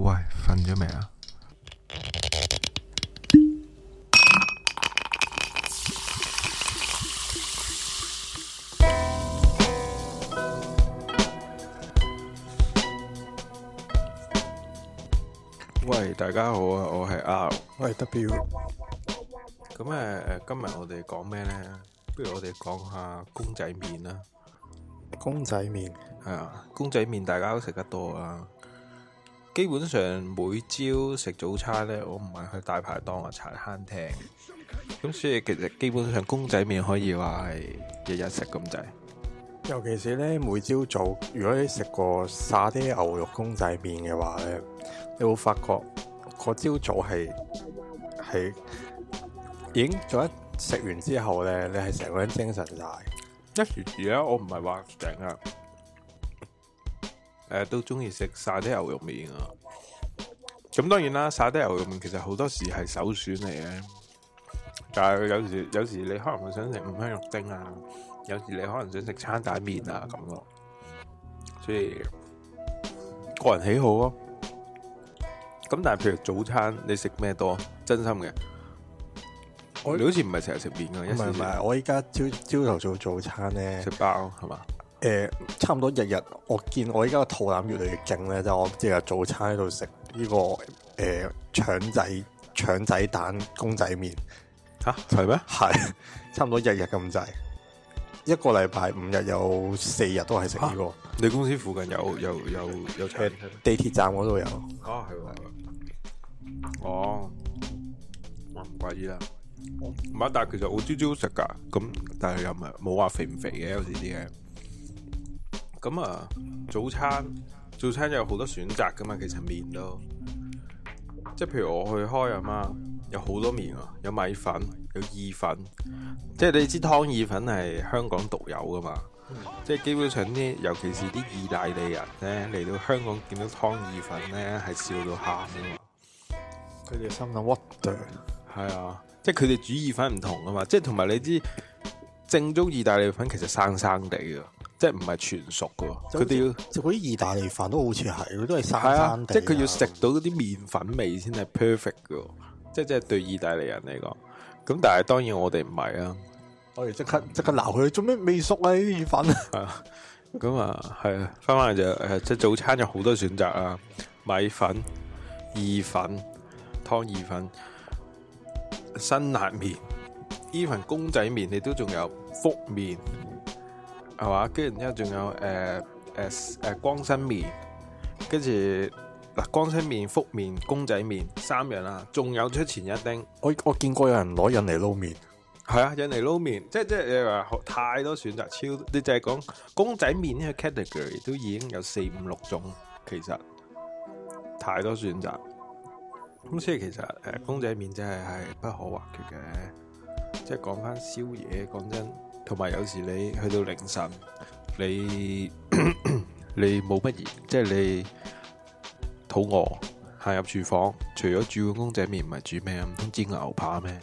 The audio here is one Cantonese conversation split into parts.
喂，瞓咗未啊？喂，大家好啊，我係 R，我係 W。咁誒誒，今日我哋講咩咧？不如我哋講下公仔麵啦。公仔麵，係啊，公仔麵大家都食得多啊。基本上每朝食早餐咧，我唔係去大排檔啊茶餐廳，咁所以其實基本上公仔麵可以話係日日食咁滯。尤其是咧，每朝早如果你食過沙爹牛肉公仔麵嘅話咧，你會發覺嗰朝早係係已經早一食完之後咧，你係成個人精神晒。一時而家我唔係話成日，誒都中意食沙爹牛肉麵啊。咁當然啦，沙爹牛肉麵其實好多時係首選嚟嘅。但係有時有時你可能會想食五香肉丁啊，有時你可能想食餐蛋麵啊咁咯。所以個人喜好咯、啊。咁但係譬如早餐你食咩多？真心嘅，你好似唔係成日食麵㗎？因為唔係，我依家朝朝頭做早餐咧食包係嘛？誒、呃，差唔多日日。我見我依家個肚腩越嚟越勁咧，就是、我日日早餐喺度食。呢、這個誒腸、呃、仔、腸仔蛋、公仔麵吓係咩？係差唔多日日咁滯，一個禮拜五日有四日都係食呢個。你公司附近有有有有地鐵地鐵站嗰度有啊？係喎，哦，哦我唔怪之啦，唔係，但係其實好朝朝食噶，咁但係又唔係冇話肥唔肥嘅有時啲嘢，咁啊早餐。做餐有好多選擇噶嘛，其實麵都，即係譬如我去開啊嘛，有好多麵啊，有米粉，有意粉，即係你知湯意粉係香港獨有噶嘛，嗯、即係基本上啲，尤其是啲意大利人咧嚟到香港見到湯意粉咧，係笑到喊嘛。佢哋心諗 what？係啊，即係佢哋煮意粉唔同噶嘛，即係同埋你知正宗意大利粉其實是生生地噶。即係唔係全熟嘅，佢哋好似意大利飯都好似係，佢都係生生哋。即係佢要食到啲麵粉味先係 perfect 嘅，即係即係對意大利人嚟講。咁但係當然我哋唔係啊，我哋即刻即刻鬧佢做咩未熟啊啲意粉啊！咁啊，係啊，翻翻嚟就誒，即係早餐有好多選擇啊，米粉、意粉、湯意粉、辛辣麵，even 公仔麵你都仲有福麵。係嘛？跟住然之後仲有誒誒誒光身麵，跟住嗱光身麵、福麵、公仔麵三樣啦，啊。仲有出前一丁，我我見過有人攞印尼撈麵，係啊，印尼撈麵，即即係話太多選擇，超你就係講公仔麵呢個 category 都已經有四五六種，其實太多選擇。咁所以其實誒、呃、公仔麵真係係不可或缺嘅，即係講翻宵夜，講真。同埋有時你去到凌晨，你 你冇乜嘢，即係你肚餓，行入廚房，除咗煮碗公仔麵，唔係煮咩？唔通煎牛扒咩？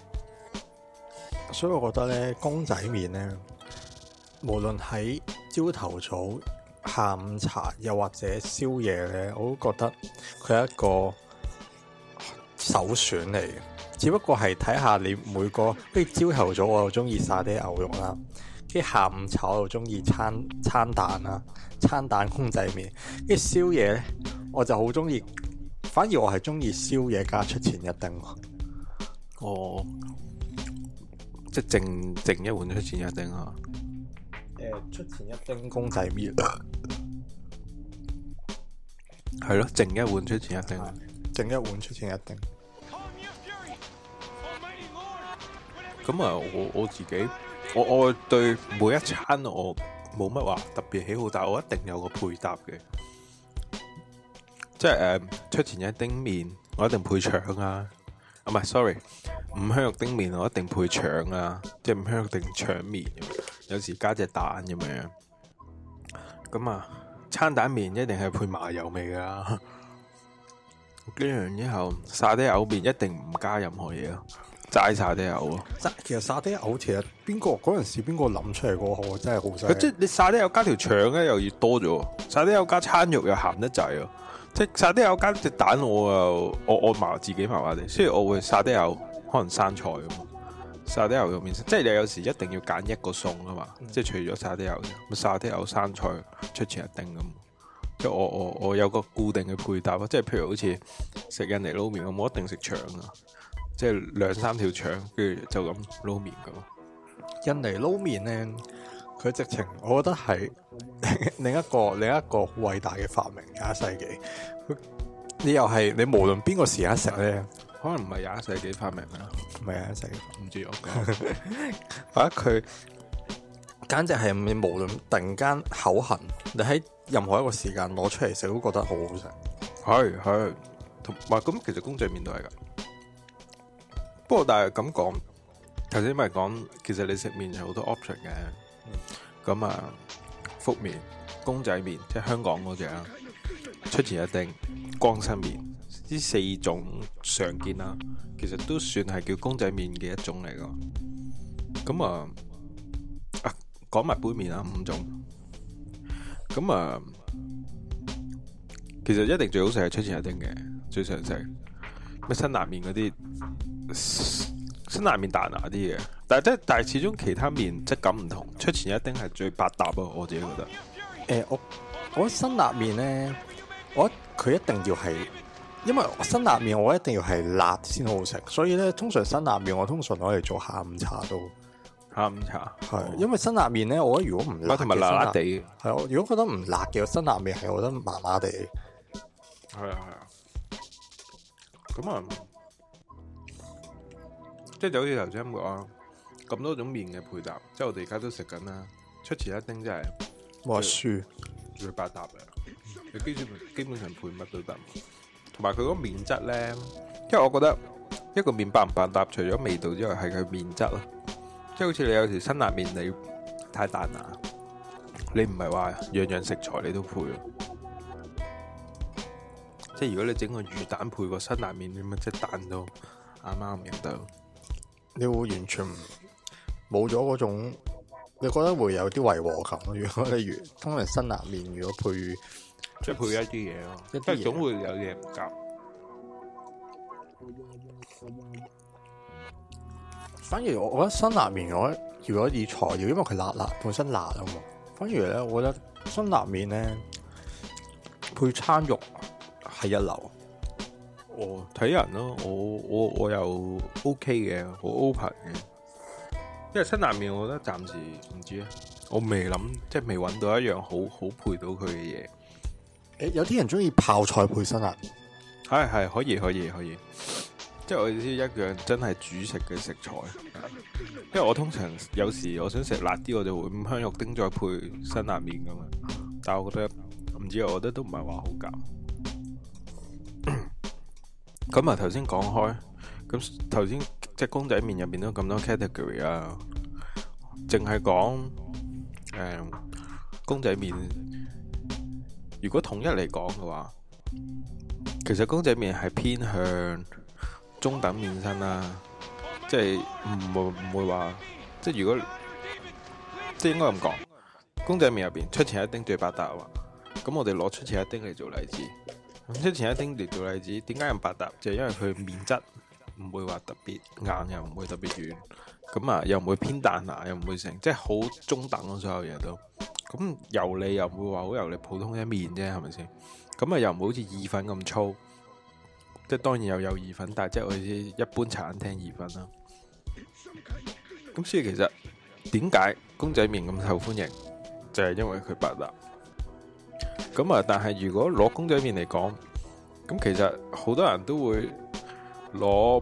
所以我覺得咧，公仔麵咧，無論喺朝頭早、下午茶，又或者宵夜咧，我都覺得佢係一個首選嚟嘅。只不過係睇下你每個，跟住朝頭早我又中意沙嗲牛肉啦，跟住下午炒又中意餐餐蛋啦，餐蛋公仔麵，跟住宵夜咧，我就好中意，反而我係中意宵夜加出前一丁。哦，即係淨淨一碗出前一丁啊？誒、呃，出前一丁公仔麵，係咯，淨 一碗出前一丁，淨一碗出前一丁。咁啊，我我自己，我我對每一餐我冇乜話特別喜好，但係我一定有個配搭嘅，即係誒，出前一丁麵我一定配腸啊，啊唔係，sorry，五香肉丁麵我一定配腸啊，即係五香肉丁腸麵，有時加隻蛋咁樣，咁啊，餐蛋麵一定係配麻油味噶啦，經常之後沙爹藕麵一定唔加任何嘢咯。齋沙爹牛啊！其實沙爹牛其實邊個嗰陣時邊個諗出嚟嗰個真係好犀利。即係你沙爹牛加條腸咧，又要多咗。沙爹牛加餐肉又鹹得滯啊！即係沙爹牛加隻蛋我，我又我我麻自己麻麻地。雖然我會沙爹牛，可能生菜啊嘛。沙爹牛肉麵即係你有時一定要揀一個餸啊嘛，即係除咗沙爹牛，咪沙爹牛生菜出前一丁咁。即係我我我有個固定嘅配搭咯，即係譬如好似食印尼撈麵，我冇一定食腸啊。即係兩三條腸，跟住就咁撈麵噶咯。印尼撈麵咧，佢直情我覺得係另一個另一個好偉大嘅發明。廿一世紀，你又係你無論邊個時間食咧，可能唔係廿一世紀發明啦，唔係廿一世紀唔知我講。 或者佢簡直係無論突然間口痕，你喺任何一個時間攞出嚟食，都覺得好好食。係係，同埋咁其實公仔麵都係噶。不過但係咁講，頭先咪講，其實你食麵有好多 option 嘅。咁啊，福麵、公仔麵即係香港嗰隻啊、出前一丁、光身麵，呢四種常見啦，其實都算係叫公仔麵嘅一種嚟噶。咁啊，啊講埋杯麵啊，五種。咁啊，其實一定最好食係出前一丁嘅，最常食咩辛辣麵嗰啲。辛辣麵大辣啲嘅，但係即係但係始終其他麵質感唔同，出前一丁係最百搭啊！我自己覺得。誒、欸，我我覺得辛辣麵咧，我覺得佢一定要係，因為辛辣麵我一定要係辣先好食，所以咧通常辛辣麵我通常攞嚟做下午茶都。下午茶係、哦，因為辛辣麵咧，我覺得如果唔，唔係辣辣地，係我如果覺得唔辣嘅辛辣麵係，我覺得麻麻地。係啊係啊。咁啊。即就好似頭先咁講，咁多種麵嘅配搭，即係我哋而家都食緊啦。出前一丁真係和書最百搭嘅，佢基本基本上配乜都得。同埋佢嗰個麵質咧，因為我覺得一個麵百唔百搭，除咗味道之外，係佢麵質咯。即係好似你有時辛辣麵，你太淡啦，你唔係話樣樣食材你都配。即係如果你整個魚蛋配個辛辣麵，咁啊，即係淡到阿媽唔認得。你會完全冇咗嗰種，你覺得會有啲違和感。如果例如通常辛辣麵，如果配即係配一啲嘢咯，即係總會有嘢唔夾。反而我覺得辛辣麵，我如果以材料，因為佢辣辣本身辣啊嘛。反而咧，我覺得辛辣麵咧，配餐肉係一流。哦，睇人咯，啊，我我我又 OK 嘅，好 open 嘅。因為辛辣麵，我覺得暫時唔知啊，我未諗，即係未揾到一樣好好配到佢嘅嘢。誒、欸，有啲人中意泡菜配辛辣，係、哎、係、哎、可以可以可以。即係我意思一樣真係主食嘅食材。因為我通常有時我想食辣啲，我就會五香肉丁再配辛辣麵咁啊。但係我覺得唔知，我覺得都唔係話好夾。咁啊，頭先講開，咁頭先即係公仔麵入面都有咁多 category 啊，淨係講誒公仔麵，如果統一嚟講嘅話，其實公仔麵係偏向中等麵身啦，即係唔會唔會話即係如果即係應該咁講，公仔麵入邊出前一丁最百搭啊，咁我哋攞出前一丁嚟做例子。之前一丁做例子，點解用白搭？就係、是、因為佢麵質唔會話特別硬，又唔會特別軟，咁啊又唔會偏彈牙，又唔會成即係好中等咯，所有嘢都。咁油膩又唔會話好油膩，普通嘅麵啫，係咪先？咁啊又唔會好似意粉咁粗，即係當然又有意粉，但係即係好似一般茶餐廳意粉啦。咁所以其實點解公仔麵咁受歡迎，就係、是、因為佢白搭。咁啊！但係如果攞公仔麵嚟講，咁其實好多人都會攞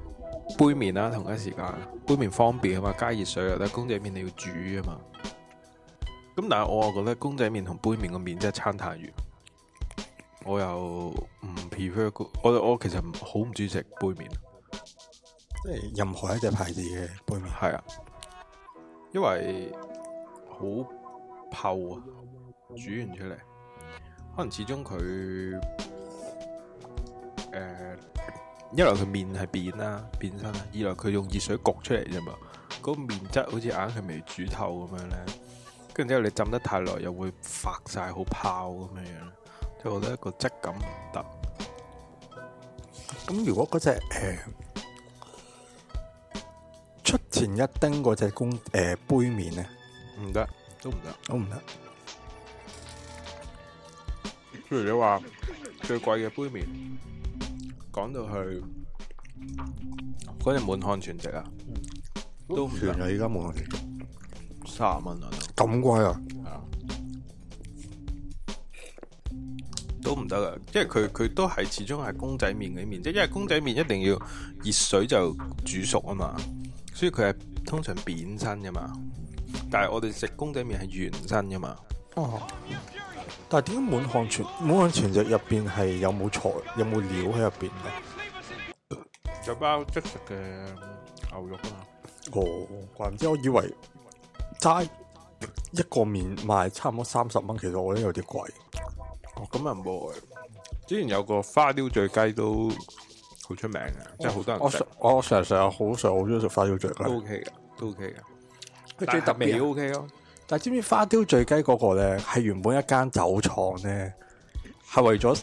杯麵啦。同一時間，杯麵方便啊嘛，加熱水又得。公仔麵你要煮啊嘛。咁但係我啊覺得公仔麵同杯麵個麵真係差太遠。我又唔 prefer，我我其實好唔中意食杯麵，即係任何一隻牌子嘅杯麵。係啊，因為好泡啊，煮完出嚟。可能始終佢誒、呃，一來佢麵係扁啦，扁身；二來佢用熱水焗出嚟啫嘛，嗰個麵質好似硬，係未煮透咁樣咧。跟住之後你浸得太耐，又會發晒好泡咁樣樣，就覺得個質感唔得。咁如果嗰隻誒、呃、出前一丁嗰隻公誒、呃、杯麵咧，唔得，都唔得，都唔得。譬如你話最貴嘅杯麪，講到係嗰隻滿漢全席啊，都算啊！依家滿漢全席三十蚊啊，咁貴啊？啊，都唔得嘅，因為佢佢都係始終係公仔麵嘅啲麵，即係因為公仔麵一定要熱水就煮熟啊嘛，所以佢係通常扁身嘅嘛。但係我哋食公仔麵係圓身嘅嘛。哦。但係點解滿漢全滿漢全席入邊係有冇材有冇料喺入邊咧？有包即食嘅牛肉啊！哦，怪唔之，我以為齋一個麵賣差唔多三十蚊，其實我覺得有啲貴。咁又唔會。之前有個花雕醉雞都好出名嘅，即係好多人食。我成我成日成日好想好中意食花雕醉雞。都 OK 嘅，都 OK 嘅。佢最特別、啊、OK 咯、哦。但係知唔知花雕醉雞嗰個咧，係原本一間酒廠咧，係為咗，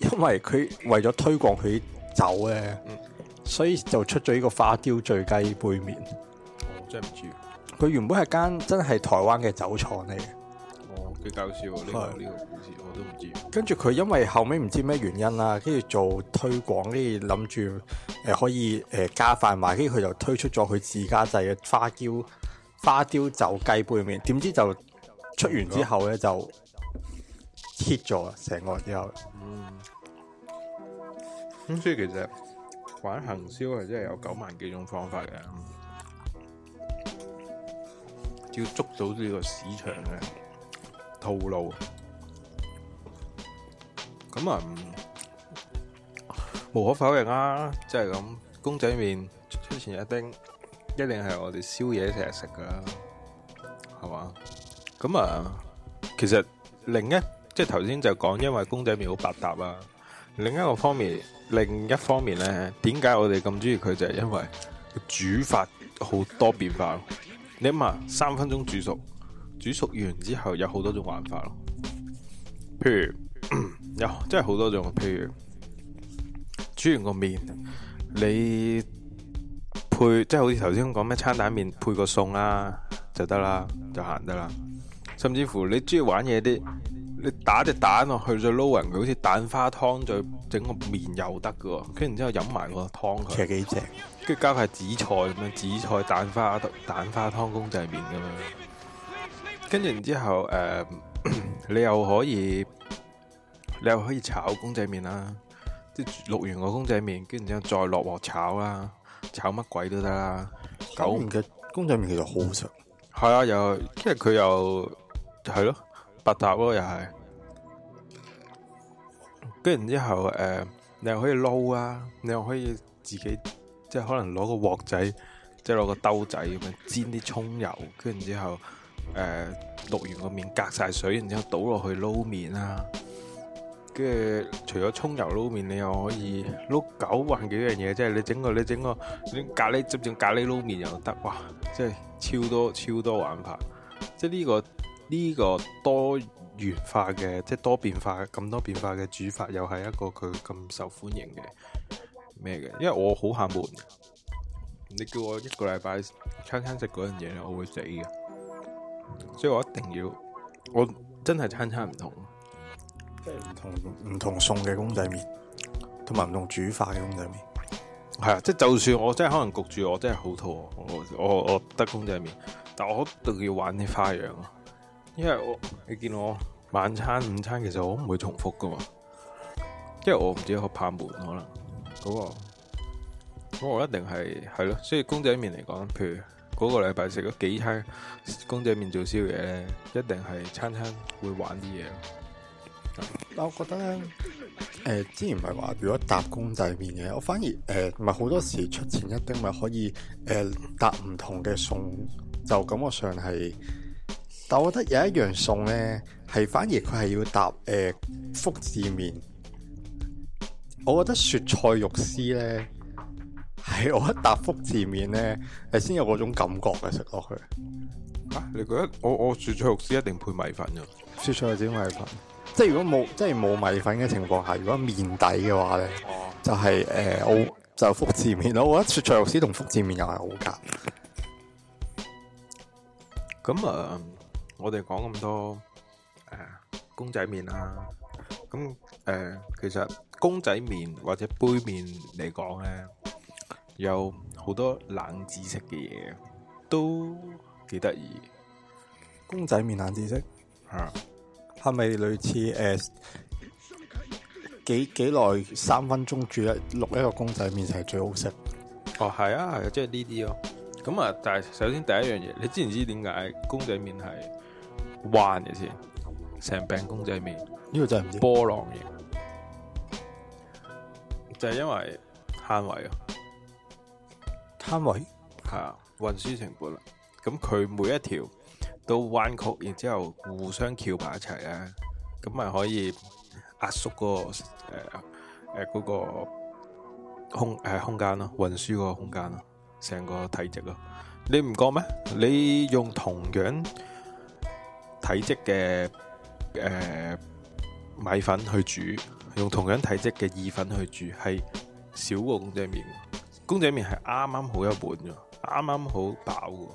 因為佢為咗推廣佢酒咧、嗯，所以就出咗呢個花雕醉雞杯麵。我、哦、真係唔知。佢原本係間真係台灣嘅酒廠嚟嘅。哦，幾搞笑呢、呢個呢、呢個故事，我都唔知。跟住佢因為後尾唔知咩原因啦，跟住做推廣，跟住諗住誒可以誒加飯嘛，跟住佢就推出咗佢自家製嘅花雕。花雕酒雞杯麵，點知就出完之後咧，就切咗成個之後，咁、嗯、所以其實玩行銷係真係有九萬幾種方法嘅，要捉到呢個市場嘅套路。咁啊、嗯，無可否認啊，即係咁，公仔麵出，出前一丁。一定係我哋宵夜成日食噶啦，係嘛？咁啊，其實另一即係頭先就講，因為公仔麵好百搭啊。另一個方面，另一方面咧，點解我哋咁中意佢就係因為煮法好多變化。你諗下，三分鐘煮熟，煮熟完之後有好多種玩法咯。譬如 有，即係好多種。譬如煮完個麵，你。配即係好似頭先咁講咩，餐蛋麵配個餸啦，啊，就得啦，就行得啦。甚至乎你中意玩嘢啲，你打隻蛋落去，再撈人，佢好似蛋花湯再整個麵又得嘅喎。跟住然之後飲埋個湯佢，其實幾正。跟住加塊紫菜咁樣，紫菜蛋花蛋花湯公仔麵咁樣。跟住然之後，誒、呃，你又可以你又可以炒公仔麵啦，即係淥完個公仔麵，跟住然之後再落鑊炒啦。炒乜鬼都得啦、啊，狗麵嘅公仔麵其實好好食，係啊，又即係佢又係咯，百搭咯又係，跟然之後誒、呃，你又可以撈啊，你又可以自己即係可能攞個鑊仔，即係攞個兜仔咁樣煎啲蔥油，跟然之後誒，淥完個麵隔晒水，然之後倒落去撈麵啊。即除咗葱油撈麵，你又可以撈九萬幾樣嘢，即係你整個你整個啲咖喱，甚至整咖喱撈麵又得，哇！即係超多超多玩法，即係呢個呢個多元化嘅，即係多變化咁多變化嘅煮法，又係一個佢咁受歡迎嘅咩嘅？因為我好下門，你叫我一個禮拜餐餐食嗰樣嘢，我會死㗎，所以我一定要，我真係餐餐唔同。即係唔同唔同送嘅公仔麵，同埋唔同煮法嘅公仔麵，係啊！即係就算我真係可能焗住我，的很我，真係好肚餓，我我得公仔麵，但係我都要玩啲花樣啊！因為我你見我晚餐，午餐其實我唔會重複噶嘛，因為我唔知我怕悶可能嗰，嗰個，嗰，嗰個我一定係係咯。所以公仔麵嚟講，譬如嗰，嗰個禮拜食咗幾餐公仔麵做宵夜咧，一定係餐餐會玩啲嘢。但我覺得咧，誒、呃，之前唔係話如果搭公仔麵嘅，我反而誒，唔係好多時出前一丁咪可以誒、呃、搭唔同嘅餸，就感覺上係。但我覺得有一樣餸咧，係反而佢係要搭誒、呃、福字麵。我覺得雪菜肉絲咧，係我一搭福字麵咧，係先有嗰種感覺嘅食落去。吓、啊，你覺得我我雪菜肉絲一定配米粉嘅？雪菜點米粉？即係如果冇，即係冇米粉嘅情況下，如果麵底嘅話咧，就係、是、誒、呃，我就福字麵咯。我覺得雪菜肉絲同福字麵又係好夾。咁啊，uh, 我哋講咁多誒、呃，公仔麵啊，咁誒、呃，其實公仔麵或者杯麵嚟講咧，有好多冷知識嘅嘢，都幾得意。公仔麵冷知識嚇。嗯係咪類似誒、呃，幾幾耐三分鐘煮一錄一個公仔麵就係最好食？哦，係啊，係啊，即係呢啲咯。咁啊，但係首先第一樣嘢，你知唔知點解公仔麵係彎嘅先？成餅公仔麵呢、呢個就係波浪型，就係、係、因為攤位啊！攤位係啊，運輸成本。咁佢每一條。都彎曲，然之後互相翹埋一齊咧，咁咪可以壓縮，那個誒誒、呃呃嗰個空誒、呃、空間咯，運輸個空間咯，成個體積咯。你唔覺咩？你用同樣體積嘅誒、呃、米粉去煮，用同樣體積嘅意粉去煮，係少過公仔麵。公仔麵係啱啱好一碗嘅，啱啱好飽嘅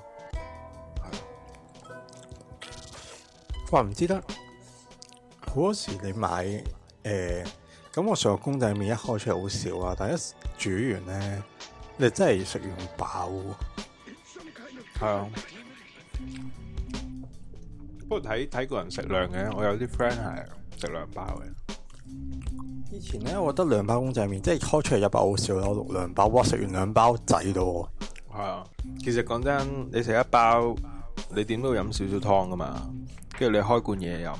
我、哦、唔知得，好多時你買誒，咁、欸、我上個公仔麵一開出嚟好少啊，但係一煮完咧，你真係食完好飽，係、嗯、啊、嗯。不過睇睇個人食量嘅，我有啲 friend 係食兩包嘅。以前咧，我覺得兩包公仔麵，即係開出嚟一包好少咯。兩包，我食完兩包，滯到。係、嗯、啊，其實講真，你食一包。你點都飲少少湯噶嘛，跟住你開罐嘢飲，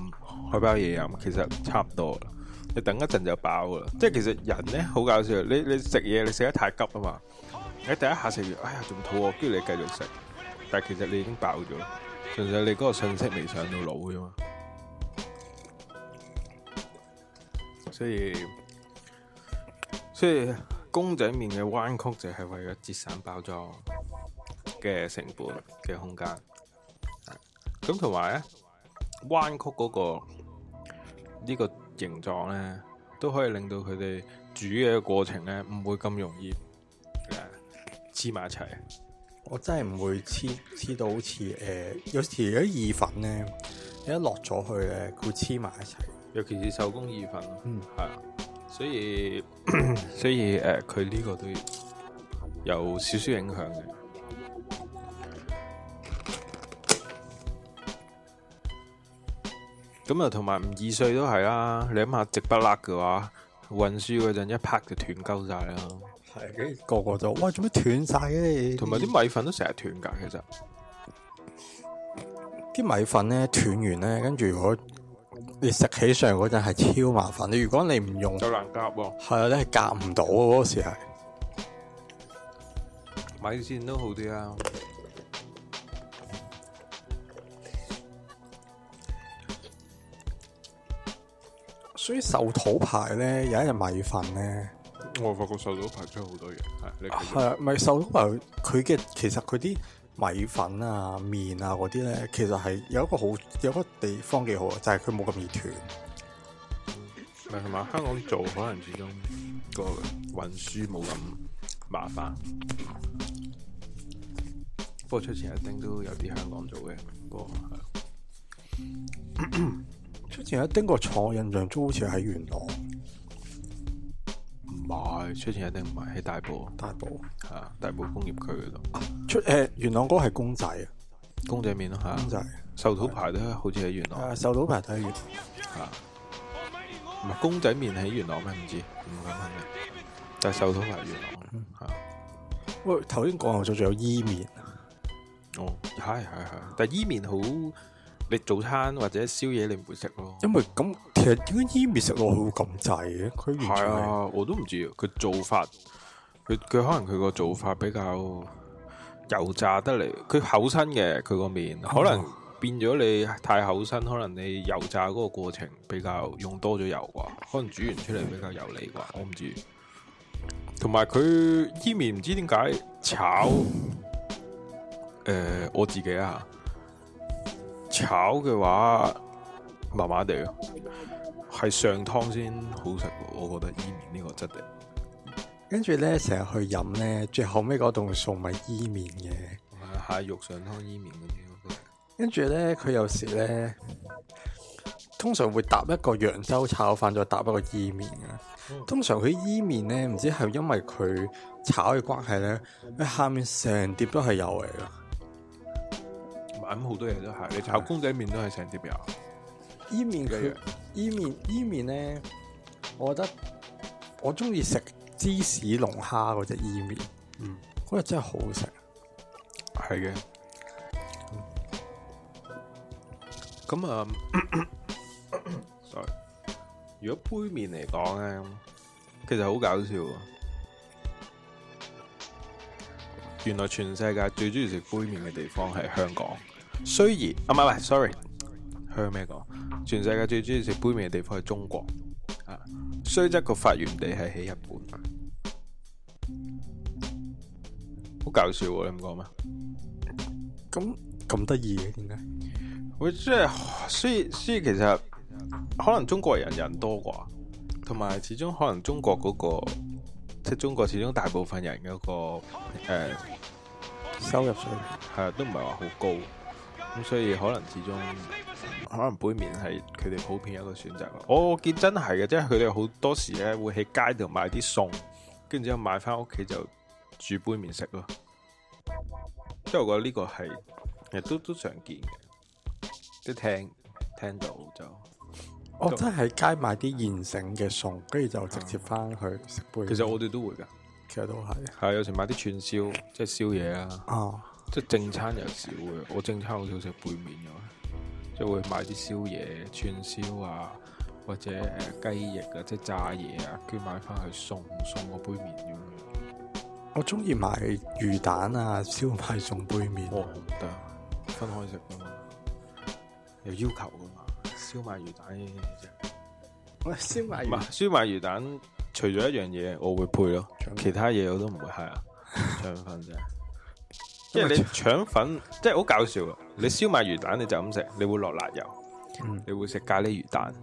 開包嘢飲，其實差唔多啦。你等一陣就飽啦，即係其實人咧好搞笑。你你食嘢你食得太急啊嘛，你第一下食完哎呀，仲肚餓，跟住你繼續食，但係其實你已經飽咗啦，純粹你嗰個信息未上到腦啫嘛。所以所以公仔麵嘅彎曲就係為咗節省包裝嘅成本嘅空間。咁同埋咧，彎曲嗰個呢個形狀咧，都可以令到佢哋煮嘅過程咧，唔會咁容易黐埋一齊。我真係唔會黐黐到好似誒、呃，有時啲意粉咧，你一落咗去咧，佢會黐埋一齊。尤其是手工意粉，嗯，係啊，所以 所以誒，佢、呃、呢個都有少少影響嘅。咁啊，同埋唔易碎都係啦。你諗下直不甩嘅話，運輸嗰陣一拍就斷鳩晒啦。係，跟住個個都，喂，做咩斷晒嘅你？同埋啲米粉都成日斷噶，其實啲米粉咧斷完咧，跟住如果你食起上嗰陣係超麻煩。你如果你唔用，就難夾喎。係啊，你係夾唔到嗰時係。米線都好啲啊。所以壽桃牌咧，有一日米粉咧，我發覺壽桃牌出好多嘢，係你係咪壽桃牌佢嘅？其實佢啲米粉啊、麵啊嗰啲咧，其實係有一個好，有一個地方幾好啊，就係佢冇咁易斷。係嘛，香港做可能始終個運輸冇咁麻煩， 不過出前一丁都有啲香港做嘅，不過係。 出前，出前一丁個廠，印象中好似喺元朗，唔係出前一丁唔係喺大埔，大埔係大埔工業區嗰度。出誒、呃，元朗嗰個係公仔啊，公仔麵咯，係。公仔壽桃牌都好似喺元朗。壽桃牌喺元朗，吓唔係公仔麵喺元朗咩？唔知，唔敢肯定。但壽桃牌元朗，吓、嗯。喂，頭先講咗仲有伊、e、麵，哦係係係，但伊、e、麵好。你早餐或者宵夜你唔會食咯，因為咁其實點解伊麵食落會咁滯嘅？佢係啊，我都唔知，佢做法佢佢可能佢個做法比較油炸得嚟，佢厚身嘅佢個麵，可能變咗你太厚身，可能你油炸嗰個過程比較用多咗油啩，可能煮完出嚟比較油膩啩，我唔知。同埋佢伊麵唔知點解炒，誒、呃，我自己啊。炒嘅話麻麻地咯，係上湯先好食，我覺得伊麵呢個質地。跟住咧成日去飲咧，最後尾嗰棟餸咪伊麵嘅，係、啊、蟹肉上湯伊麵嗰啲，跟住咧，佢有時咧，通常會搭一個揚州炒飯再搭一個伊麵嘅。通常佢伊麵咧，唔知係因為佢炒嘅關係咧，喺下面成碟都係油嚟噶。咁、嗯、好多嘢都係，你炒公仔麵都係成碟油。伊麵佢，伊麵伊麵咧，我覺得我中意食芝士龍蝦嗰隻伊麵，嗯，嗰日真係好食，係嘅。咁、嗯、啊、嗯 uh, ，sorry，如果杯麵嚟講咧，其實好搞笑，啊。原來全世界最中意食杯麵嘅地方係香港。雖然啊唔係唔係，sorry，佢有咩講？全世界最中意食杯麵嘅地方係中國啊，雖則個發源地係喺日本，好、啊、搞笑喎！你唔覺咩？咁咁得意嘅點解？我即係雖然雖然，其實可能中國人人多啩，同埋始終可能中國嗰、那個即係、就是、中國始終大部分人嗰、那個誒、呃、收入水平係、啊、都唔係話好高。咁所以可能始終，可能杯麪係佢哋普遍有一個選擇咯。我見真係嘅，即係佢哋好多時咧會喺街度買啲餸，跟住之後買翻屋企就煮杯麪食咯。即係我覺得呢個係其實都都常見嘅。都、就係、聽聽到就，我、哦哦、真係喺街買啲現成嘅餸，跟、嗯、住就直接翻去食杯麪。其實我哋都會㗎，其實都係係有時買啲串燒，即係宵夜啊。嗯即係正餐有時會，我正餐好少食杯麪嘅，即係會買啲宵夜串燒啊，或者誒雞翼啊，即係炸嘢啊，跟住買翻去送送個杯麪咁樣。我中意買魚蛋啊，燒賣送杯麪，我唔得，分開食噶嘛，有要求噶嘛，燒賣魚蛋，我燒賣唔係燒賣魚蛋，除咗一樣嘢我會配咯，其他嘢我都唔會係啊，腸粉啫。 即係你腸粉，即係好搞笑啊！你燒賣魚蛋你就咁食，你會落辣油，嗯、你會食咖喱魚蛋。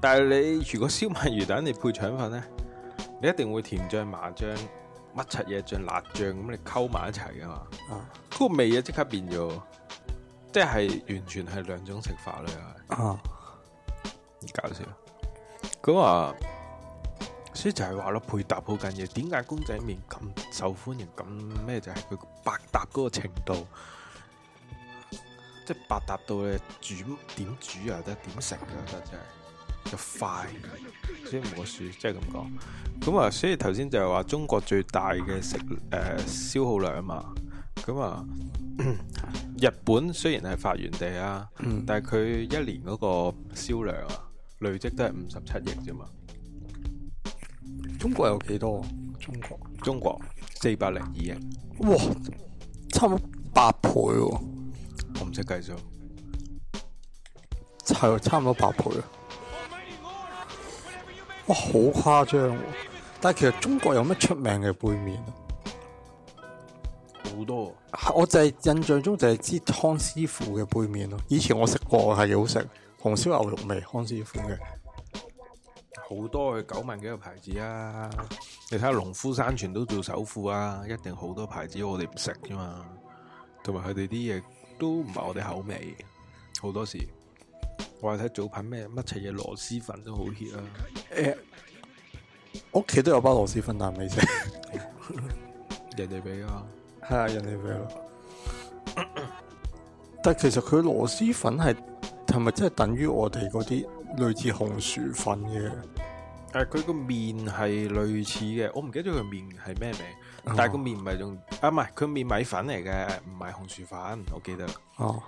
但係你如果燒賣魚蛋你配腸粉咧，你一定會甜醬麻醬乜柒嘢醬辣醬，咁你溝埋一齊噶嘛？啊，嗰個味啊即刻變咗，即係完全係兩種食法嚟又啊，搞笑。咁啊。即就係話咯，配搭好緊要。點解公仔麵咁受歡迎？咁咩就係佢百搭嗰個程度，即係百搭到咧，煮點煮又得，點食又得，真係就快。所以唔好輸，即係咁講。咁啊，所以頭先就係話中國最大嘅食誒、呃、消耗量啊嘛。咁啊，日本雖然係發源地啊，嗯、但係佢一年嗰個銷量啊累積都係五十七億啫嘛。中國有幾多？中國中國四百零二億，哇，差唔多八倍喎！我唔識計數，係差唔多，差唔多八倍啊！哇，好誇張喎！但係其實中國有乜出名嘅杯麵？好多，我就係、是、印象中就係知康師傅嘅杯麵咯。以前我食過係好食，我是紅燒牛肉味康師傅嘅。好多嘅，九萬幾個牌子啊！你睇下農夫山泉都做首富啊！一定好多牌子我哋唔食㗎嘛，同埋佢哋啲嘢都唔係我哋口味，好多時我哋睇早品咩乜齊嘢，螺螄粉都好 hit 啊！誒，屋企都有包螺螄粉但未食、 啊，人哋俾啊，係啊人哋俾啊。但其實佢螺螄粉係係咪真係等於我哋嗰啲？類似紅薯粉嘅，啊，但誒，佢個麵係類似嘅，我唔記得咗佢麵係咩名，uh-huh. 但係個麵唔係用，啊，唔係，佢個麵米粉嚟嘅，唔係紅薯粉，我記得啦，哦，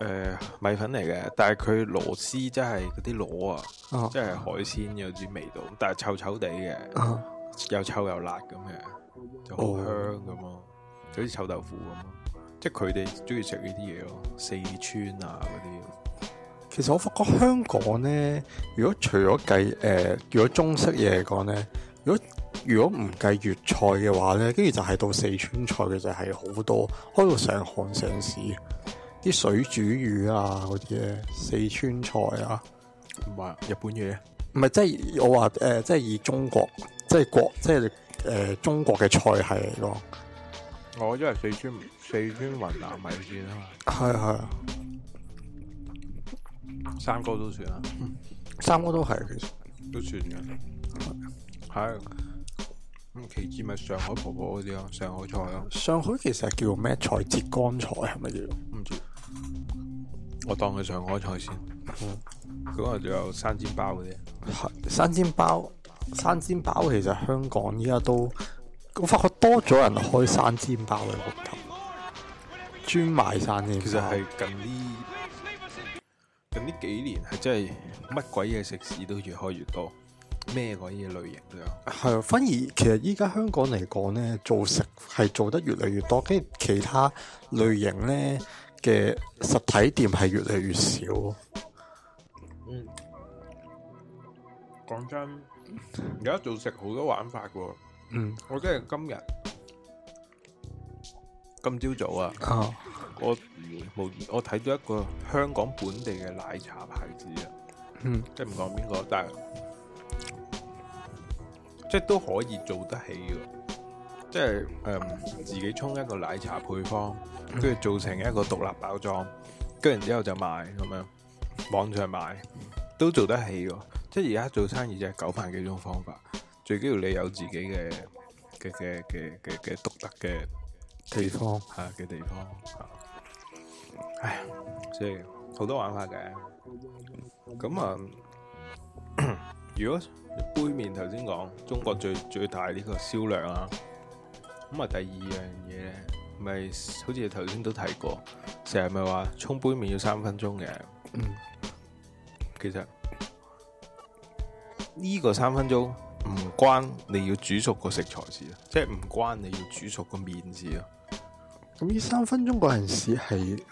誒，米粉嚟嘅，但係佢螺絲，即係嗰啲螺啊，即、uh-huh. 係海鮮有啲味道，但係臭臭地嘅，uh-huh. 又臭又辣咁嘅，就好香咁咯，就好、uh-huh. 似臭豆腐咁，uh-huh. 即係佢哋中意食呢啲嘢咯，四川啊嗰啲。其實我發覺香港咧，如果除咗計誒，如果中式嘢嚟講咧，如果如果唔計粵菜嘅話咧，跟住就係到四川菜嘅就係好多，開到成行成市，啲水煮魚啊嗰啲嘢，四川菜啊，唔係日本嘢，唔係即係我話誒，即係、呃、以中國即係國即係誒、呃、中國嘅菜係嚟講，我即係四川四川雲南米線啊嘛，係係。三哥都算啦、嗯，三哥都係其實都算嘅，係咁其次咪上海婆婆嗰啲咯，上海菜咯。上海其實係叫做咩菜？浙江菜係咪叫做？唔知，嗯，我當佢上海菜先。嗯，嗰個仲有生煎包嗰啲。係生煎包，生煎包其實香港依家，都我發覺多咗人開生煎包嘅舖頭，專賣生煎。其實係近啲。幾年係真係乜鬼嘢食肆都越開越多，咩鬼嘢類型都有。係啊，反而其實依家香港嚟講咧，做食係做得越嚟越多，跟住其他類型咧嘅實體店係越嚟越少。嗯，講真，而家做食好多玩法嘅喎。嗯，我即係今日，今朝早啊。哦我無我睇到一個香港本地嘅奶茶牌子啊、嗯，即係唔講邊個，但係即係都可以做得起嘅，即係誒、嗯、自己沖一個奶茶配方，跟住做成一個獨立包裝，跟住之後就賣咁樣網上買都做得起嘅。即係而家做生意就係九萬幾種方法，最緊要你有自己嘅嘅嘅嘅嘅嘅獨特嘅地方嚇嘅地方唉，即係好多玩法嘅，咁啊，如果杯麵頭先講中國最最大呢個銷量啊，咁啊第二樣嘢咪好似你頭先都提過，成日咪話沖杯麵要三分鐘嘅，嗯，其實呢，這個三分鐘唔關你要煮熟個食材事啊，即係唔關你要煮熟個麵事啊。咁呢三分鐘嗰陣時係，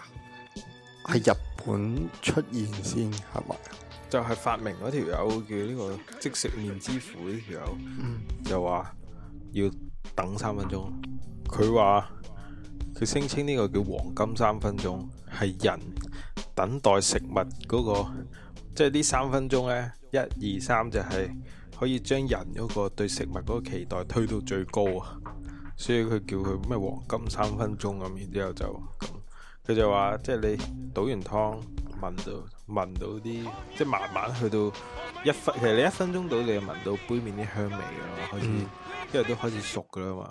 係日本出現先係嘛？就係發明嗰條友叫呢個即食麵之父呢條友，就話要等三分鐘。佢話佢聲稱呢個叫黃金三分鐘，係人等待食物嗰個，即係呢三分鐘呢，一二三就係可以將人嗰個對食物嗰個期待推到最高啊。所以佢叫佢咩黃金三分鐘咁，然之後就。佢就話，即係你倒完湯，聞到聞到啲，即係慢慢去到一分，其實你一分鐘到你就聞到杯麵啲香味咯，開始因為都開始熟噶啦嘛。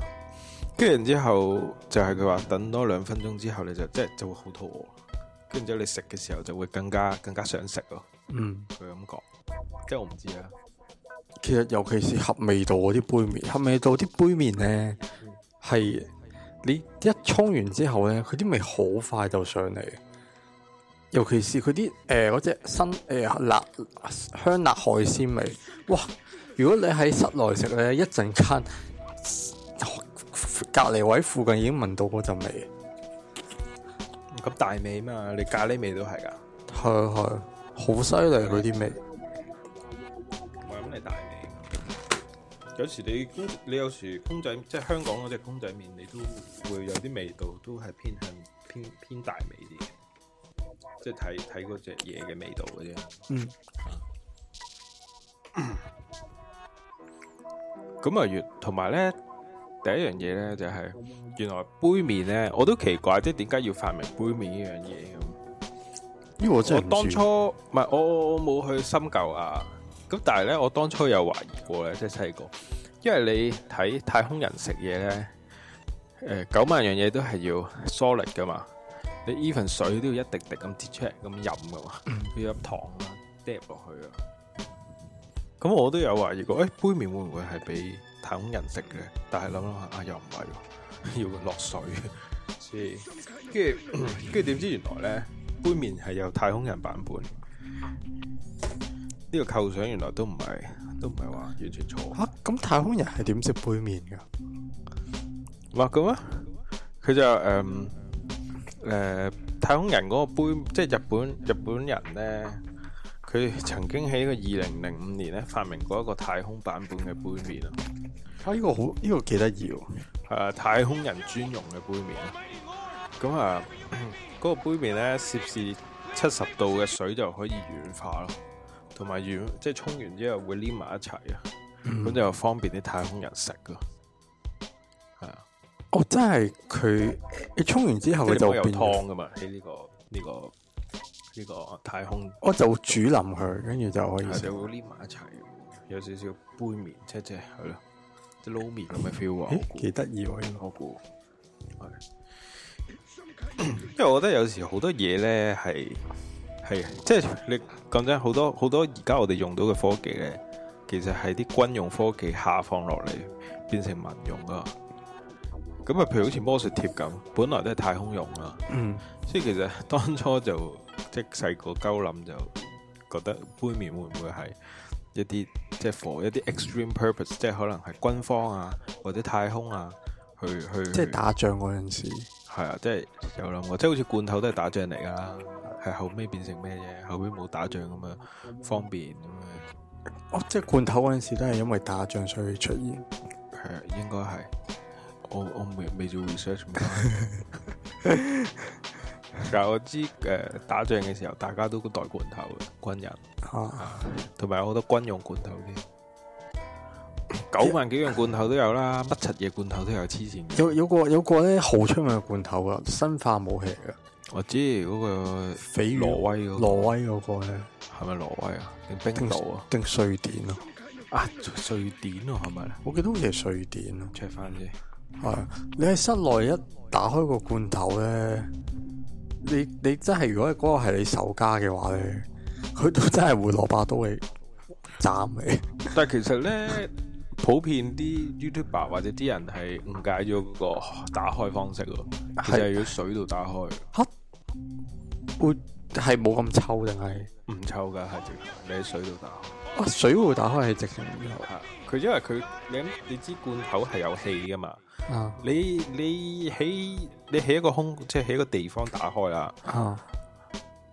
跟住然之後就係佢話等多兩分鐘之後你就即係就會好肚餓，跟住之後你食嘅時候就會更加更加想食咯。嗯，佢咁講，即係我唔知啊。其實尤其是合味道嗰啲杯麵，合味道啲杯麵咧係。你一沖完之後咧，佢啲味好快就上嚟，尤其是佢啲誒嗰隻新誒、呃、辣香辣海鮮味，哇！如果你喺室內食咧，一陣間隔籬位附近已經聞到嗰陣味。咁大味嘛，你咖喱味都係噶，係啊係，好犀利佢啲味。咁你大？有時你公你有時公仔即係香港嗰隻公仔麵，你都會有啲味道，都係偏向偏偏大味啲嘅，即係睇睇嗰隻嘢嘅味道嘅啫。嗯。咁啊，同埋咧，第一樣嘢咧就係原來杯麵咧，我都奇怪，即係點解要發明杯麵呢樣嘢咁？因為我真係我當初唔係我我冇去深究啊。咁但係咧，我當初有懷疑過咧，即係細個，因為你睇太空人食嘢咧，誒、呃、九萬樣嘢都係要 solid 噶嘛，你 even 水都要一滴滴咁跌出嚟咁飲噶嘛， 要入糖啊，滴落去啊，咁我都有懷疑過，誒、哎、杯麵會唔會係俾太空人食嘅？但係諗諗下，啊又唔係，要落水，跟住跟住點知原來咧杯麵係有太空人版本。呢個構想原來都唔係，都唔係話完全錯。吓，咁太空人係點食杯麵噶？話咁啊？佢就誒誒，太空人嗰個杯，即係日本日本人咧，佢曾經喺個二零零五年咧發明過一個太空版本嘅杯麵啊！啊，呢個好，呢個幾得意喎。係啊，太空人專用嘅杯麵。咁啊，嗰個杯麵咧，攝氏七十度嘅水就可以軟化咯。同埋完即係沖完之後會黏埋一齊啊，咁、嗯、就方便啲太空人食噶，係啊。哦，真係佢你沖完之後佢就有湯噶嘛？喺呢個、呢個、呢個太空，我就煮腍佢，跟住就可以。係會黏埋一齊，有少少杯麵，即係即係係咯，即係撈麵咁嘅 feel 啊！幾得意我先，我估。 因為我覺得有時好多嘢咧係係即係你。咁即好多好多而家我哋用到嘅科技咧，其實係啲軍用科技下放落嚟變成民用咯。咁啊，譬如好似魔術貼咁，本來都係太空用啊。嗯。所以其實當初就即係細個鳩諗就覺得杯麵會唔會係一啲即係 for 一啲 extreme purpose，嗯、即係可能係軍方啊或者太空啊去去。即係打仗嗰陣時。係啊，即係有諗過，即係好似罐頭都係打仗嚟㗎。嗯係後尾變成咩嘢？後尾冇打仗咁啊，方便咁樣。哦，即係罐頭嗰陣時都係因為打仗，所以出現。係，應該係。我我未未做 research。 但我知，誒、呃，打仗嘅時候，大家都會帶罐頭嘅，軍人。同、啊、埋、啊、有好多軍用罐頭添。九萬幾樣罐頭都有啦，乜柒嘢罐頭都有黐線。有有個有個咧，好出名嘅罐頭啊，生化武器嚟我知嗰、那個那個，挪威嗰挪威嗰個咧，係咪挪威啊？定冰島啊？定瑞典咯、啊？啊，瑞典咯、啊，係咪？我記得好似係瑞典咯，check 翻先。係，你喺室內一打開個罐頭咧，你你真係如果嗰個係你仇家嘅話咧，佢都真係會蘿蔔刀嚟斬你。但係其實咧。 普遍啲 YouTuber 或者啲人係誤解咗個打開方式咯，係要水度打開係。吓，會係冇咁臭定係唔臭噶？係直的你喺水度打開，啊，水會打開係直情。係佢因為佢你你知罐頭係有氣噶嘛？啊、你你喺你喺一個空即係喺一個地方打開啦、啊。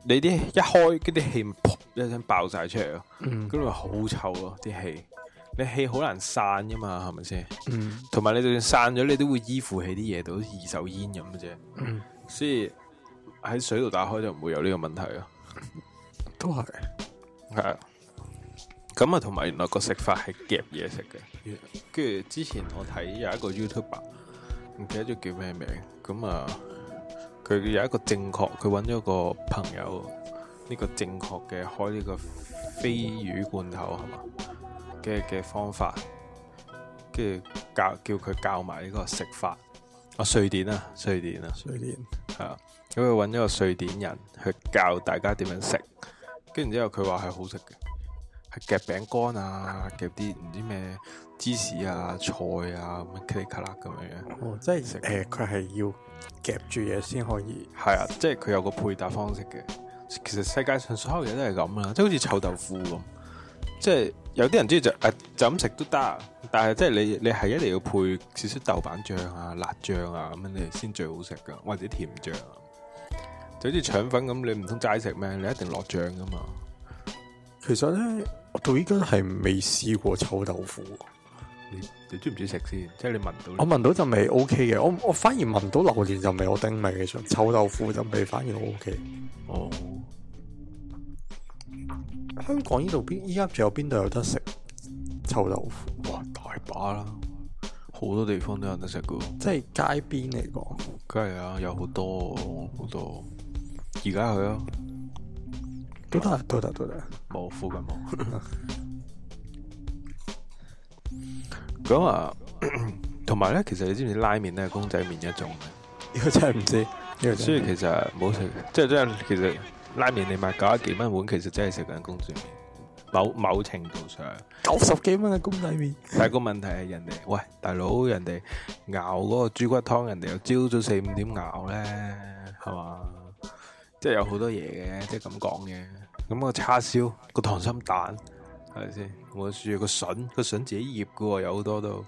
你啲一開跟啲氣，噗一聲爆晒出嚟咯。嗯，咪好臭咯啲氣。你氣好難散噶嘛，係咪先？嗯，同埋你就算散咗，你都會依附喺啲嘢度，二手煙咁嘅啫。所以喺水度打開就唔會有呢個問題啊，都係，係。咁啊，同埋原來個食法係夾嘢食嘅。嗯、跟住之前我睇有一個 YouTuber 唔記得咗叫咩名，咁啊，佢有一個正確，佢揾咗個朋友，呢、這個正確嘅開呢個飛魚罐頭係嘛？是嘅嘅方法，跟住教叫佢教埋呢個食法。啊、哦，瑞典啊，瑞典啊，瑞典係啊，咁佢揾咗個瑞典人去教大家點樣食。跟住然之後佢話係好食嘅，係夾餅乾啊，夾啲唔知咩芝士啊、菜啊咁樣，咔啦咁樣樣。哦，即係食誒，佢係、呃、要夾住嘢先可以。係啊，即係佢有個配搭方式嘅。其實世界上所有嘢都係咁啊，即係好似臭豆腐咁，即係。有啲人中意就誒、呃，就咁食都得，但係即係你你係一定要配少少豆瓣醬啊、辣醬啊咁樣你先最好食噶，或者甜醬啊。就好似腸粉咁，你唔通齋食咩？你一定落醬噶嘛。其實咧，我到依家係未試過臭豆腐。你你中唔中意食先？即係你聞到、這個，我聞到陣味 O K 嘅。我我反而聞到榴蓮陣味，我頂味嘅。想臭豆腐陣味，反而 OK。哦。香港呢度邊依家仲有邊度有得食臭豆腐？哇，大把啦，好多地方都有得食噶。即係街邊嚟講，梗係啊，有好多好、啊、多、啊。而家去啊，都得，都得，都得。冇附近冇。咁 啊，同埋咧，其實你知唔知拉麵咧係公仔麵一種？呢 個真係唔知。這個，真所以其實唔好食，即係即係其實。拉麵你賣九十幾蚊碗，其實真係食緊公仔麵。某某程度上，九十幾蚊嘅公仔麵。但係個問題係人哋，喂，大佬，人哋熬嗰個豬骨湯，人哋又朝早四五點熬咧，係嘛？即係有好多嘢嘅，即係咁講嘅。咁、那個叉燒，個溏心蛋，係咪先？我說個筍，個筍自己醃嘅喎，有好多都。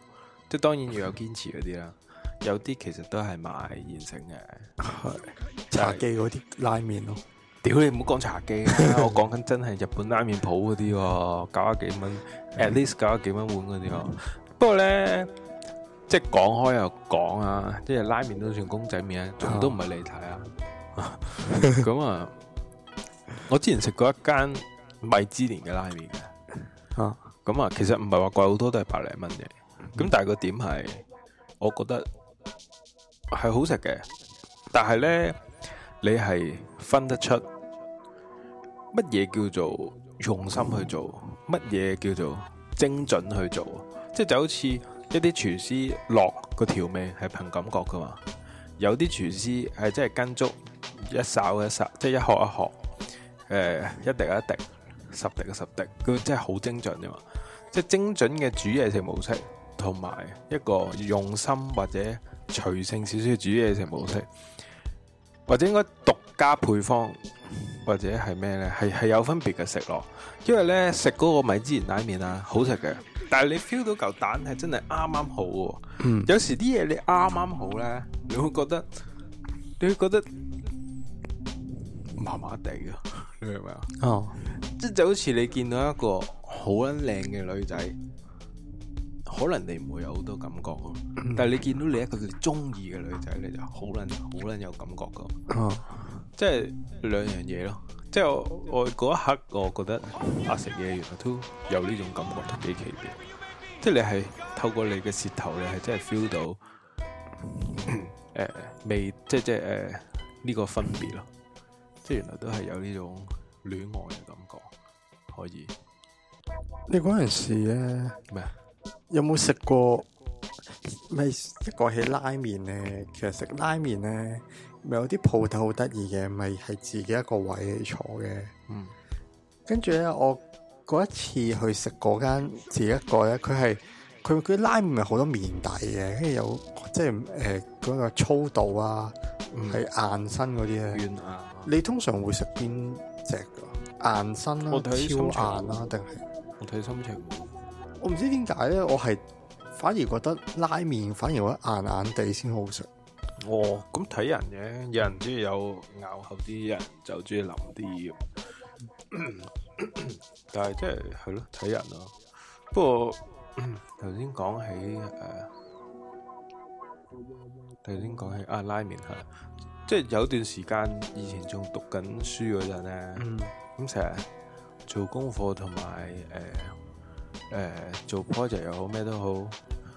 即係當然要有堅持嗰啲啦，有啲其實都係買現成嘅，茶記嗰啲拉麵咯。屌你唔好講茶記，我講緊真係日本拉麵鋪嗰啲，九十幾蚊，at least 九十幾蚊碗嗰啲。不過咧，即係講開又講啊，即係拉麵都算公仔麵啊，都唔係離題啊。咁啊，我之前食過一間米芝蓮嘅拉麵嘅，啊，咁啊，其實唔係話貴好多，都係百零蚊嘅。咁但係個點係，我覺得係好食嘅。但係咧，你係分得出。乜嘢叫做用心去做？乜嘢叫做精準去做？即係就好似一啲廚師落個調味係憑感覺噶嘛，有啲廚師係真係跟足一勺一勺，即係一殼一殼，誒一滴一滴，一滴，一滴十滴十滴，佢真係好精準㗎嘛。即係精準嘅煮嘢食模式，同埋一個用心或者隨性少少煮嘢食模式。或者應該獨家配方，或者係咩咧？係係有分別嘅食咯，因為咧食嗰個米芝蓮拉麵啊，好食嘅。但係你 feel 到嚿蛋係真係啱啱好喎。啊嗯。有時啲嘢你啱啱好咧，你會覺得，你會覺得麻麻地啊？你明唔明啊？哦，即就好似你見到一個好撚靚嘅女仔。可能你唔會有好多感覺啊、嗯，但係你見到你一個你中意嘅女仔，你就好撚好撚有感覺噶、啊，即係兩樣嘢咯。即係我嗰一刻，我覺得啊，食嘢原來都有呢種感覺，都幾奇妙。即係你係透過你嘅舌頭你的，你係真係 feel 到誒未，即係即係誒呢個分別咯。嗯、即係原來都係有呢種戀愛嘅感覺可以。你嗰陣時咧咩啊？有冇食過咪一個起拉麵咧？其實食拉麵咧，咪有啲鋪頭好得意嘅，咪係自己一個位坐嘅。嗯，跟住咧，我嗰一次去食嗰間自己一個咧，佢係佢佢拉麵係好多麵底嘅，跟住有即係誒嗰個粗度啊，唔係硬身嗰啲啊。你通常會食邊隻噶？硬身啦，啊，超硬啦，啊，定係我睇心情。我唔知點解咧，我係反而覺得拉麵反而我硬硬地先好食。哦，咁睇人嘅，有人中意有咬口啲嘅，有人就中意淋啲咁。但係即係係咯，睇人咯。不過頭先講起誒，頭先講起啊，拉麵係，即係有段時間以前仲讀緊書嗰陣咧，咁成日做功課同埋誒。誒、呃，做 project 又好咩都好，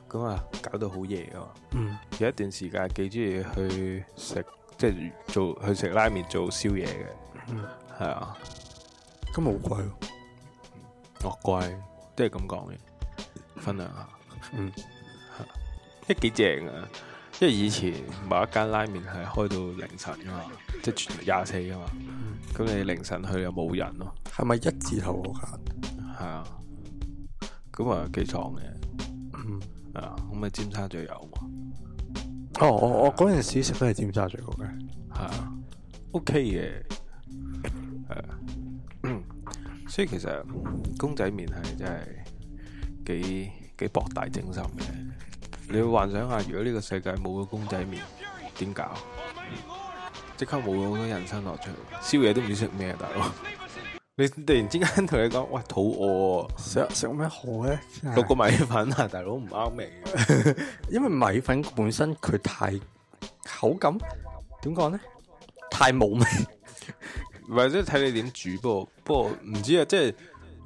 咁啊搞到好夜噶。嗯，有一段時間幾中意去食，即係做去食拉麵做宵夜嘅，係、嗯、啊。咁好貴哦，惡貴，都係咁講嘅，分享下。嗯，即幾正啊！因為以前某一間拉麵係開到凌晨噶嘛，即係全廿四噶嘛。咁、嗯、你凌晨去又冇人咯。係咪一字頭嗰間？係啊。咁、嗯、啊，幾爽嘅，嗯，啊，咁啊，尖沙咀有，哦，啊、我我嗰陣時食都係尖沙咀嗰間，係啊，OK 嘅，係 啊、嗯，所以其實公仔麵係真係幾幾博大精深嘅，你幻想下，如果呢個世界冇咗公仔麵，點搞？即、嗯、刻冇咗好多人生樂趣，宵夜都唔知食咩，大佬。你突然之間同你講，喂，肚餓，食食咩好咧？焗個米粉啊，大佬唔啱味， 因為米粉本身佢太口感，點講咧？太冇味，或者睇你點煮。不過不過唔知啊，即係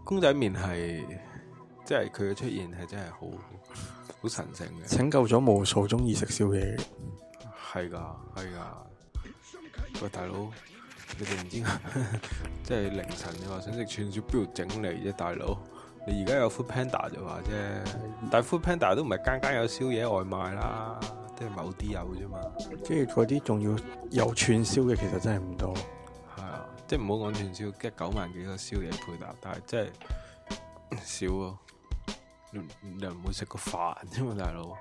公仔麵係，即係佢嘅出現係真係好好神聖嘅，拯救咗無數中意食宵夜，係噶係噶，喂大佬。 你哋唔知，即係凌晨你話想食串燒不如整嚟啫，大佬？你而家有 food panda 就話啫，mm. 但係 food panda 都唔係間間有宵夜外賣啦，即係某啲有啫嘛。即係嗰啲仲要有串燒嘅，其實真係唔多。係 啊，即係唔好講串燒即係九萬幾個宵夜配搭，但係真係少咯。又唔會食個飯啫嘛，大佬。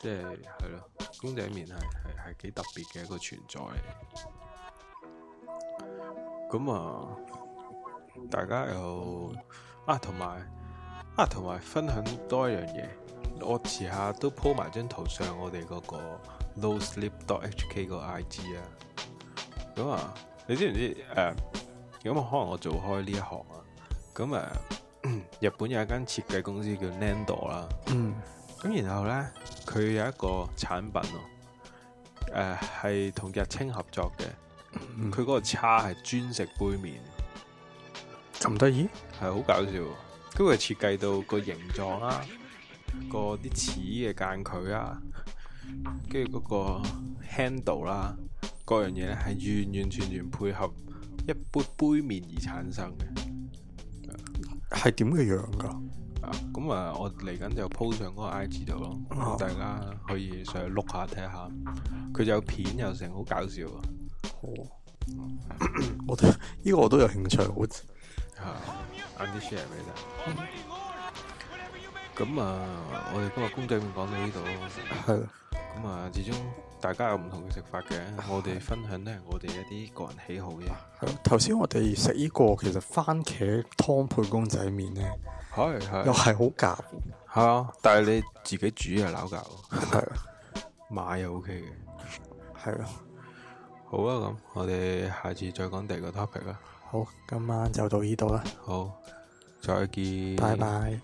即係係咯，公仔麵係係係幾特別嘅一個存在。咁啊，大家又啊，同埋啊，同埋分享多一樣嘢。我遲下都鋪埋張圖上我哋嗰個 no sleep dot hk 個 I G 啊。咁啊，你知唔知誒？咁、呃、可能我做開呢一行啊。咁啊、呃，日本有一間設計公司叫 Nendo 啦。咁然後咧，佢有一個產品哦，誒、呃，係同日清合作嘅。佢、嗯、嗰個叉係專食杯麵，咁得意，係好搞笑的。跟住設計到個形狀啦、啊，個啲齒嘅間距啊，跟住嗰個 handle 啦、啊，各樣嘢咧係完完全全配合一杯杯麵而產生嘅。係點嘅樣噶？啊，咁啊，我嚟緊就 po 上嗰個 IG 度咯，大家可以上去碌下睇下。佢就有片又成，好搞笑。好，我對呢個我都有興趣，好啲 share 俾你啊。咁、嗯、啊，我哋今日公仔麵講到呢度咯。係、啊。咁啊，始終大家有唔同嘅食法嘅、啊，我哋分享咧，我哋一啲個人喜好嘅。係、啊。頭先我哋食呢個、嗯、其實番茄湯配公仔麵咧，係係又係好夾。係啊，啊，但係你自己煮又撈夾，係、啊啊。買又 OK 嘅，係咯、啊。好啊，咁我哋下次再講第二個 topic 啦。好，今晚就到呢度啦。好，再見。拜拜。